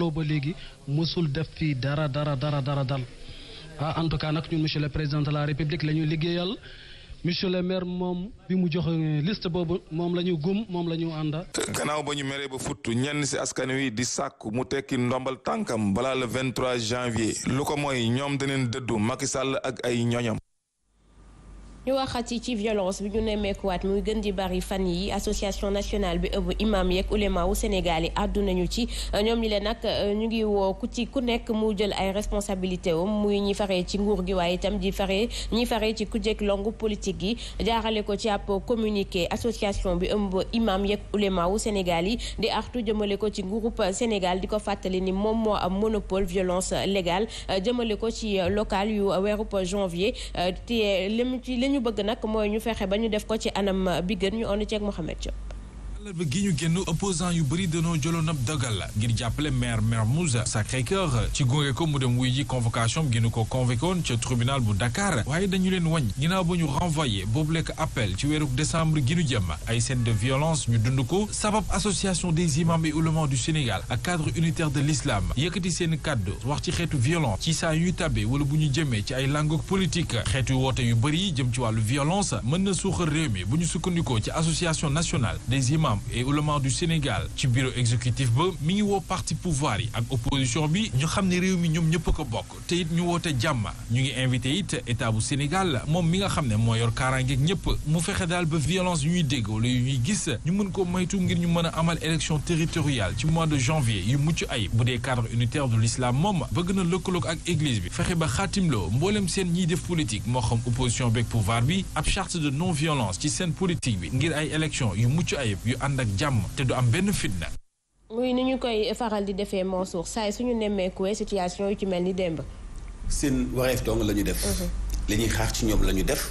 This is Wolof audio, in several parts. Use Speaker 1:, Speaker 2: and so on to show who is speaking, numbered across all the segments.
Speaker 1: loo ba léegi mosul def fii dara dara dara dara dal ah en tout cas nag ñu monsieur le président de la république la ñu liggéeyal monsieur le maire moom bi mu joxe liste boobu moom la ñu gum moom la ñu ànda
Speaker 2: gannaaw ba ñu meree ba futt ñenn ci askan wi di sàkk mu tekki ndombal tànkam balaa le 23 janvier lu ko mooy ñoom daneen dëddu Macky Sall ak ay ñooñam
Speaker 3: ñu waxati ci violence bi ñu nemmeekuwaat muy gën di bari fan yi association nationale bi ëbb imam yeeg ulema wu Sénégal yi àdduna ñu ci ñoom ñi leen nag euh, ñu ngi woo ku ci ku nekk mu jël ay responsabilité am muy ñi faree ci nguur gi waaye itam di faree ñi faree ci ku kujjeeg longu politique gi jaarale ko ci ab communiqué association bi ëmb imam yeeg ulema wu Sénégal yi di artu jëmale ko ci groupe Sénégal di ko fàttali ni moom moo am monopole violence légal euh, jëmale ko ci local yu ñu bëgg nag mooy ñu fexe ba ñu def ko ci anam bi gën ñu onu ceeg Mouhamed Diop
Speaker 2: àllarba gi ñu génn opposant yu bëri danoo jëloon ab dogal ngir jàppale maire Mermoz Sacré-Cœur ci gunge ko mu dem wuy ji convocation gi ñu ko convoqué woon ca tribunal bu Dakar waaye dañu leen wañ ginnaaw ba ñu renvoyé boobu lekk appel ci weeru décembre gi ñu jëm ay scène de violence ñu dund ko sabab association des imams et oulémas du Sénégal ak cadre unitaire de l'islam yëkkati seen kàddu wax ci xeetu violence ci saa yuy tabe wala bu ñu jëmee ci ay langue politique xeetu woote yu bëri jëm ci wàllu violence mën na suuxal réew mi bu ñu sukkandikoo ci association nationale membres et oulémas du Sénégal ci bureau exécutif ba mi ngi woo parti pouvoir yi ak opposition bi ñu xam ne réew mi ñoom ñëpp ko bokk te it ñu woote jàmm ñu ngi invité it état bu Sénégal moom mi nga xam ne moo yor kaaraangeeg ñëpp mu fexe daal ba violence yu ñuy dégg wala yu ñuy gis ñu mën ko moytu ngir ñu mën a amal élection territoriale ci mois de janvier yu mucc ay bu dee cadre unitaire de l'islam moom bëgg na lëkkaloog ak église bi fexe ba xaatimloo mboolem seen ñiy def politique moo xam opposition beeg pouvoir bi ab charte de ci seen politique bi ngir ay élection yu mucc ànd ak jàmm te du am benn fitna.
Speaker 3: muy ni ñu koy faral di defee moo saa saay suñu nemmeekuwee situation yu ci mel ni démb.
Speaker 2: seen wareef dong lañu def. Mhm.
Speaker 4: li ñuy xaar ci ñoom la ñu def.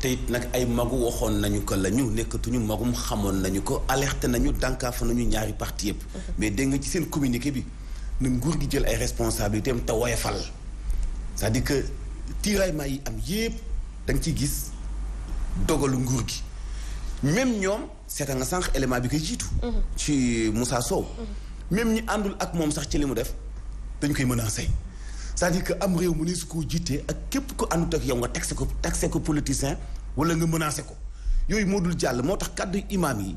Speaker 4: te nag ay magu waxoon nañu ko la nekkatuñu magum xamoon nañu ko alerté nañu dànkaafa nañu ñaari parti yëpp. Mhm. mais dégg nga ci seen communiqué bi na nguur gi jël ay responsabilités am te woyofal. c'est-à-dire que tiraillement yi am yëpp danga nga ciy gis dogalu nguur gi même ñoom. seetal nga sànq élément bi koy jiitu. Mhm. ci Moussa soow mhm. même ñi àndul ak moom sax ci li mu def dañ koy menacer c'est-à-dire que am réew mu ne su ko jiitee ak képp ku àndut ak yow nga taxé ko taxé ko politicien wala nga menacer ko yooyu moo dul jàll moo tax kàddu imaam yi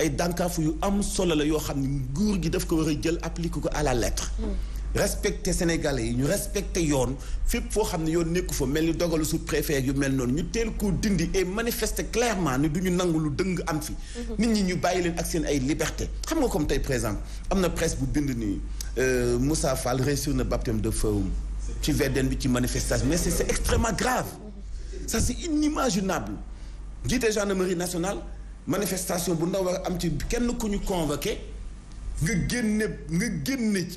Speaker 4: ay dànkaafu yu am solo la yoo xam ne nguur gi daf ko war a jël appliquer ko à la lettre. Mhm. respecté sénégalais yi ñu respecté yoon fépp foo xam ne yoon nekku fa mel ni dogalu su préfet yu mel noonu ñu teel ko dindi et manifester clairement ni du ñu nangu lu dëng am fi mhm. nit ñi ñu bàyyi leen ak seen ay liberté xam nga comme tey par exemple am na presse bu bind nii euh, Moussa Fall réussir na baptême de feu ci VDN bi ci manifestation mais c'est extrêmement grave ça c'est inimaginable jiite gendarmerie nationale manifestation bu ndaw war am ci kenn ku ñu convoqué nga génne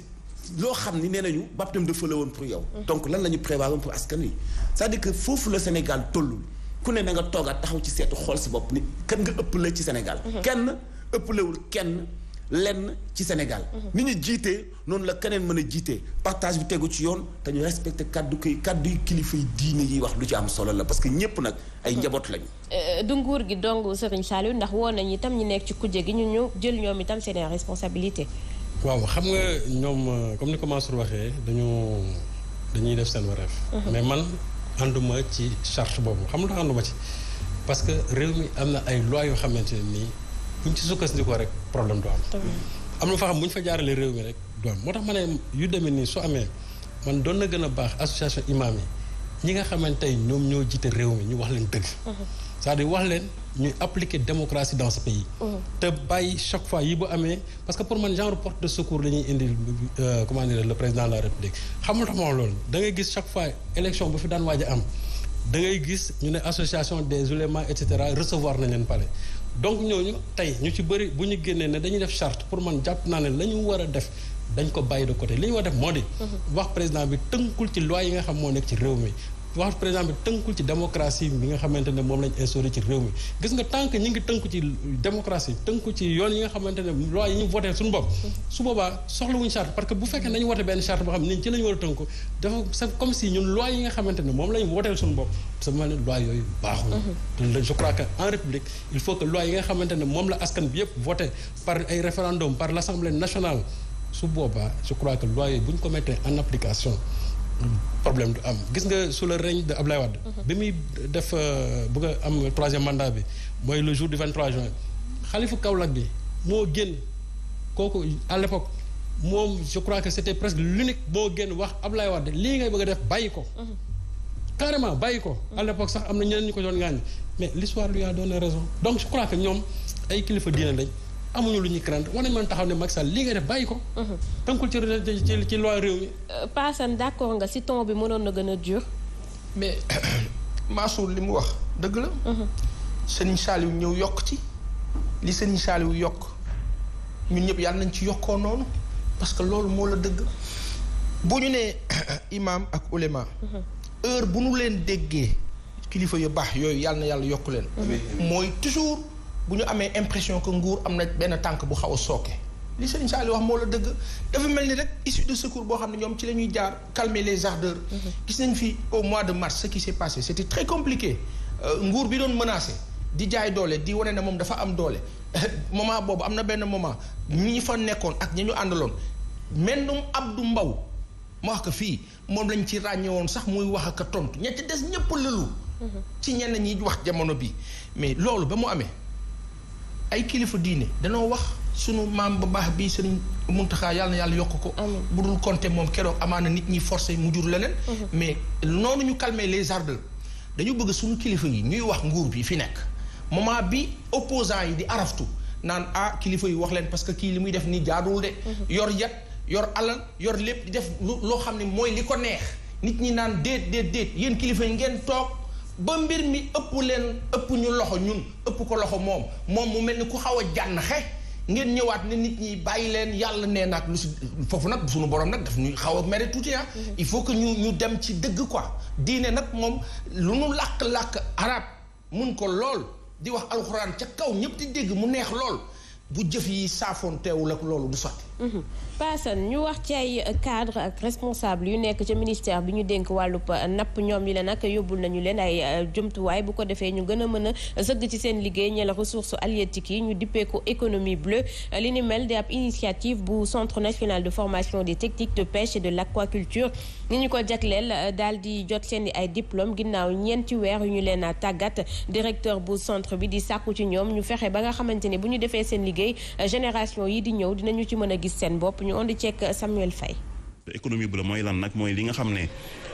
Speaker 4: loo xam ni nee nañu baptême de feu woon pour yow. Mm-hmm. donc lan la ñu prévoir woon pour askan wi. cest à que foofu la Sénégal tollu ku ne na nga toogaat taxaw ci seetu xool sa bopp ni kan nga ëppale ci Sénégal. Mm-hmm. kenn ëppalewul kenn lenn ci Sénégal. Mm-hmm. ni ñu jiite noonu la keneen mën a jiite partage bi tegu ci yoon te ñu respecté kàddu koy kaddu yu kilifa yi diine yi wax lu ci am solo la parce que ñëpp nag ay njaboot lañu.
Speaker 3: Euh, du nguur gi dong Serigne Saliou ndax woo nañu itam ñu nekk ci kujje gi ñu ñëw jël ñoom itam seen responsabilité
Speaker 1: waaw xam nga ñoom euh, comme ni ko Mansour waxee dañoo dañuy def seen wareef. Mhm. mais man ànduma ci charte boobu xam nga ànduma ci. parce que réew mi am na ay loi yoo xamante ne nii buñ ci sukkandikoo rek problème du am. am na fa xam bu ñu fa jaaralee réew mi rek du am moo tax ma ne yu demee nii su amee man doon na gën a baax association imam yi. ñi nga xamante ne ñoom ñoo jiite réew mi ñu wax leen dëgg. cest à wax leen ñuy appliquer démocratie dans ce pays. te bàyyi chaque fois yi bu amee parce que pour man genre porte de secours lañuy indi euh, comment dire le président de la république. xam nga moom loolu da ngay gis chaque fois élection bu fi daan waaj am da ngay gis ñu ne association des oulémas et cetera recevoir na leen pare donc ñooñu tey ñu ci bëri bu ñu génnee ne dañuy def charte pour man jàpp naa ne la ñu war a def. dañ ko bàyyi de côté li ñu war def moo di. wax président bi tënkul ci loi yi nga xam moo nekk ci réew mi. wax président bi tënkul ci démocratie bi nga xamante ne moom lañ instauré ci réew mi gis nga tant que ñu ngi tënku ci démocratie tënku ci yoon yi nga xamante ne loi ñu voté suñu bopp su boobaa soxlawuñu charte parce que bu fekkee nañu voté benn charte boo xam a xamante ne moom lañ voté suñu yooyu baaxul te mm-hmm. je crois que en république il faut que loi yi nga xamante ne moom la askan bi yëpp voté par ay référendum par l'Assemblée nationale su boobaa je crois que loi yi bu ñu ko mettre en application problème du am gis nga sous le règne de Abdoulaye Wade mhm. bi muy def euh, bëgg a am troisième mandat bi mooy le jour du 23 juin xalifu Kaolack bi moo génn kooku à l'époque moom je crois que c'était presque l'unique boo génn wax Abdoulaye Wade lii ngay bëgg a def bàyyi ko mhm. carrément bàyyi ko mhm. à l'époque sax am na ñeneen ñu ko doon ngaañ mais l'histoire lui a donné raison donc je crois que ñoom ay kilifa diine amuñu lu ñuy crant war nañu mën taxaw ne Macky Sall li nga def bàyyi ko. tënkul ci
Speaker 5: ci ci loi réew mi. Euh,
Speaker 3: pa Assane nga si ton bi mënoon na gën a dur. mais
Speaker 5: Mansour li mu wax dëgg la. Mhm. Serigne Saliou ñëw yokk ci li Serigne Saliou yokk ñun ñëpp yàlla nañ ci yokkoo noonu parce que loolu moo la dëgg bu ñu nee imaam ak ulema. Mhm. heure bu nu leen déggee kilifa yu baax yooyu yàlla na yàlla yokk leen. Mhm. mooy toujours. bu ñu amee impression que nguur am na benn tànk bu xaw a sooke li Serigne Saliou wax moo la dëgg dafa mel ni rek issue de secours boo xam ne ñoom ci la ñuy jaar calmer les ardeurs. gis nañ fi au mois de mars ce qui s'est passé c'était très compliqué euh, nguur bi doon menacé di jaay doole di wane na moom dafa am doole moment boobu am na benn moment ñi fa nekkoon ak ñi ñu àndaloon mennum Abdou Mbaw ma wax ko fii moom lañ ci ràññewoon sax muy wax ak tontu ñetti des ñëpp lëlu. Mhm. ci ñenn ñi wax jamono bi mais loolu ba mu amee. ay kilifa diine danoo wax sunu maam ba baax bi sëriñ Muntaxa yàlla na yàlla yokk ko bu dul compter moom keroog amaana nit ñi forcé mu jur leneen mhm. mais noonu ñu calmer les ardeurs dañu bëgg suñu kilifa yi ñuy wax nguur bi fi nekk moment bi opposant yi di araftu naan ah kilifa yi wax leen parce que kii li muy def nii jaaduwul de mhm. yor yat yor alal yor lépp di def loo xam ne mooy li ko neex nit ñi naan déet déet déet yéen kilifa yi ngeen toog ba mbir mi ëpp leen ëpp ñu loxo ñun ëpp ko loxo moom moom mu mel ni ku xaw a xe ngeen ñëwaat ne nit ñi bàyyi leen yàlla neenaat naag lu si foofu nag suñu borom nag daf ñuy xaw a mere tuuti ah. Mm-hmm. il faut que ñu ñu dem ci dëgg ko diine nag moom lu nu làkk-làkk arab mun ko lool di wax alxuraan ca kaw ñëpp di dégg mu neex lool. bu jëf yi saafoon teewul ak loolu du sotti.
Speaker 3: Mhm. Paasan ñu wax ci ay cadre ak responsable yu nekk ci ministère bi ñu dénk wàllu euh, napp ñoom ñi la nag yóbbul nañu leen ay euh, jumtuwaay bu ko defee ñu gën a mën sëgg ci seen liggéey ñe la ressource halieutique yi ñu dippeeku économie bleue euh, li ni mel di ab initiative bu centre national de formation des techniques de pêche et de l'aquaculture ni ñu ko jagleel daal di jot seen i ay diplôme ginnaaw ñeenti weer yu ñu leen a tàggat directeur bu centre bi di sàkku ci ñoom ñu fexe ba nga xamante ni bu ñu defee seen génération yi di ñëw dinañu ci mën a gis seen bopp ñu undi cek Samuel fay
Speaker 4: économie bu la mooy lan nag mooy li nga xam ne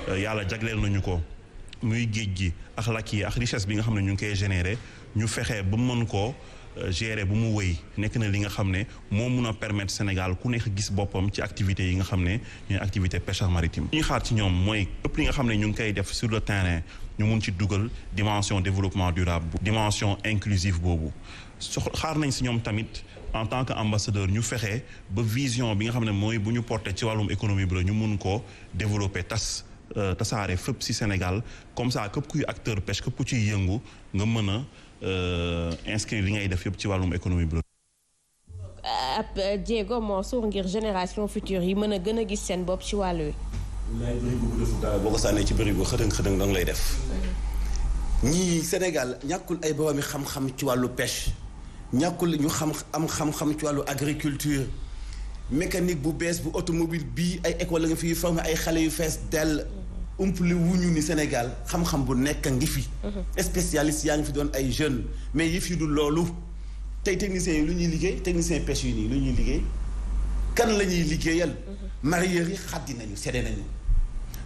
Speaker 4: euh, yàlla jagleel nañu ko muy géej gi ak lakk yi ak richesse bi nga xam ne ñu ngi koy générer ñu fexe ba mu mën koo gérer bu mu wéy nekk na li nga xam ne moo mun a permettre Sénégal ku nekk gis boppam ci activités yi nga xam ne ñooy activité pêche maritime ñu xaar ci ñoom mooy ëpp li nga xam ne ñu ngi koy def sur le terrain ñu mun ci dugal dimension développement durable dimension inclusive boobu sox xaar nañ si ñoom tamit en tant que ambassadeur ñu fexe ba vision bi nga xam ne mooy bu ñu porte ci wàllum économie bi la ñu mun ko développer tas euh, tasaare fépp si Sénégal comme ça képp kuy acteur pêche képp ku ciy yëngu nga mën a inscrire euh, li ngay def yëpp ci wàllum économie bleue.
Speaker 3: ab euh, Diego Mansour ngir génération future yi mën a gën a gis seen bopp ci wàll wi.
Speaker 4: laay boo ko sànnee ci bërigo xëdëng xëdëng danga lay def. ñii Sénégal ñàkkul ay boroomi xam-xam ci wàllu pêche ñàkkul ñu xam am xam-xam ci wàllu agriculture mécanique bu bees bu automobile bi ay école la nga fiy formé ay xale yu fees dell. umpli ñu ni Sénégal xam-xam bu nekk ngi fi. Mhm. spécialiste yaa ngi fi doon ay jeunes mais yëf yi du loolu tey techniciens yi lu ñuy liggéey technicien pêche yu nii lu ñuy liggéey kan la ñuy liggéeyal. Mhm. mareyeurs yi xaddi nañu sedde nañu.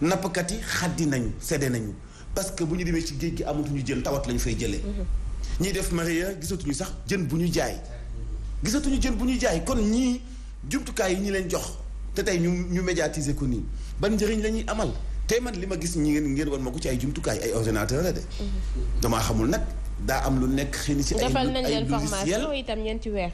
Speaker 4: nappkat yi xaddi nañu sedde nañu parce que bu ñu demee ci géej gi amatuñu jën tawat lañu fay jëlee. Mhm. ñiy def mareyeur gisatuñu sax jën bu ñu jaay. gisatuñu jën bu ñu jaay kon ñii jumtukaay yi ñi leen jox te tey ñu ñu médiatiser ko nii ban njëriñ la ñuy amal. tey man li ma gis ñi ngeen ngeen wan ma ko ci ay jumtukaay ay ordinateur la de.
Speaker 3: Mhm.
Speaker 4: damaa xamul nag daa am lu nekk xëy na ci ay. defal nañ leen formation
Speaker 3: itam ñeenti weer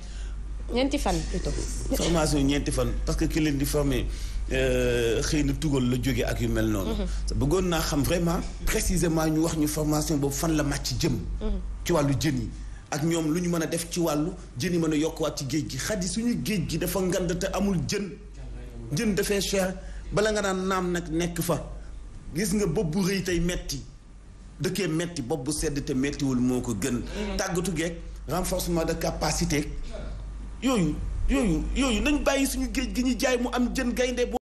Speaker 3: ñeenti fan plutôt.
Speaker 4: formation ñeenti fan parce que kii leen di former euh, xëy na tugal la jóge ak yu mel noonu. Mhm. bëggoon naa xam vraiment précisément ñu wax ñu formation boobu fan la màcc jëm. Mhm. ci wàllu jën yi. ak ñoom lu ñu mën a def ci wàllu jën yi mën a yokk yokkuwaat ci géej gi xaddi suñu géej gi dafa ngand te amul jën. jën dafee cher bala nga naan naam nag nekk fa. gis nga bopp bu rëy tey metti dëkkee metti bopp bu sedd te mettiwul moo ko gën mm-hmm. tàggatu geeg renforcement de capacité
Speaker 2: yooyu yooyu yooyu nañ bàyyi suñu géej gi ñu jaay mu am jën gaynde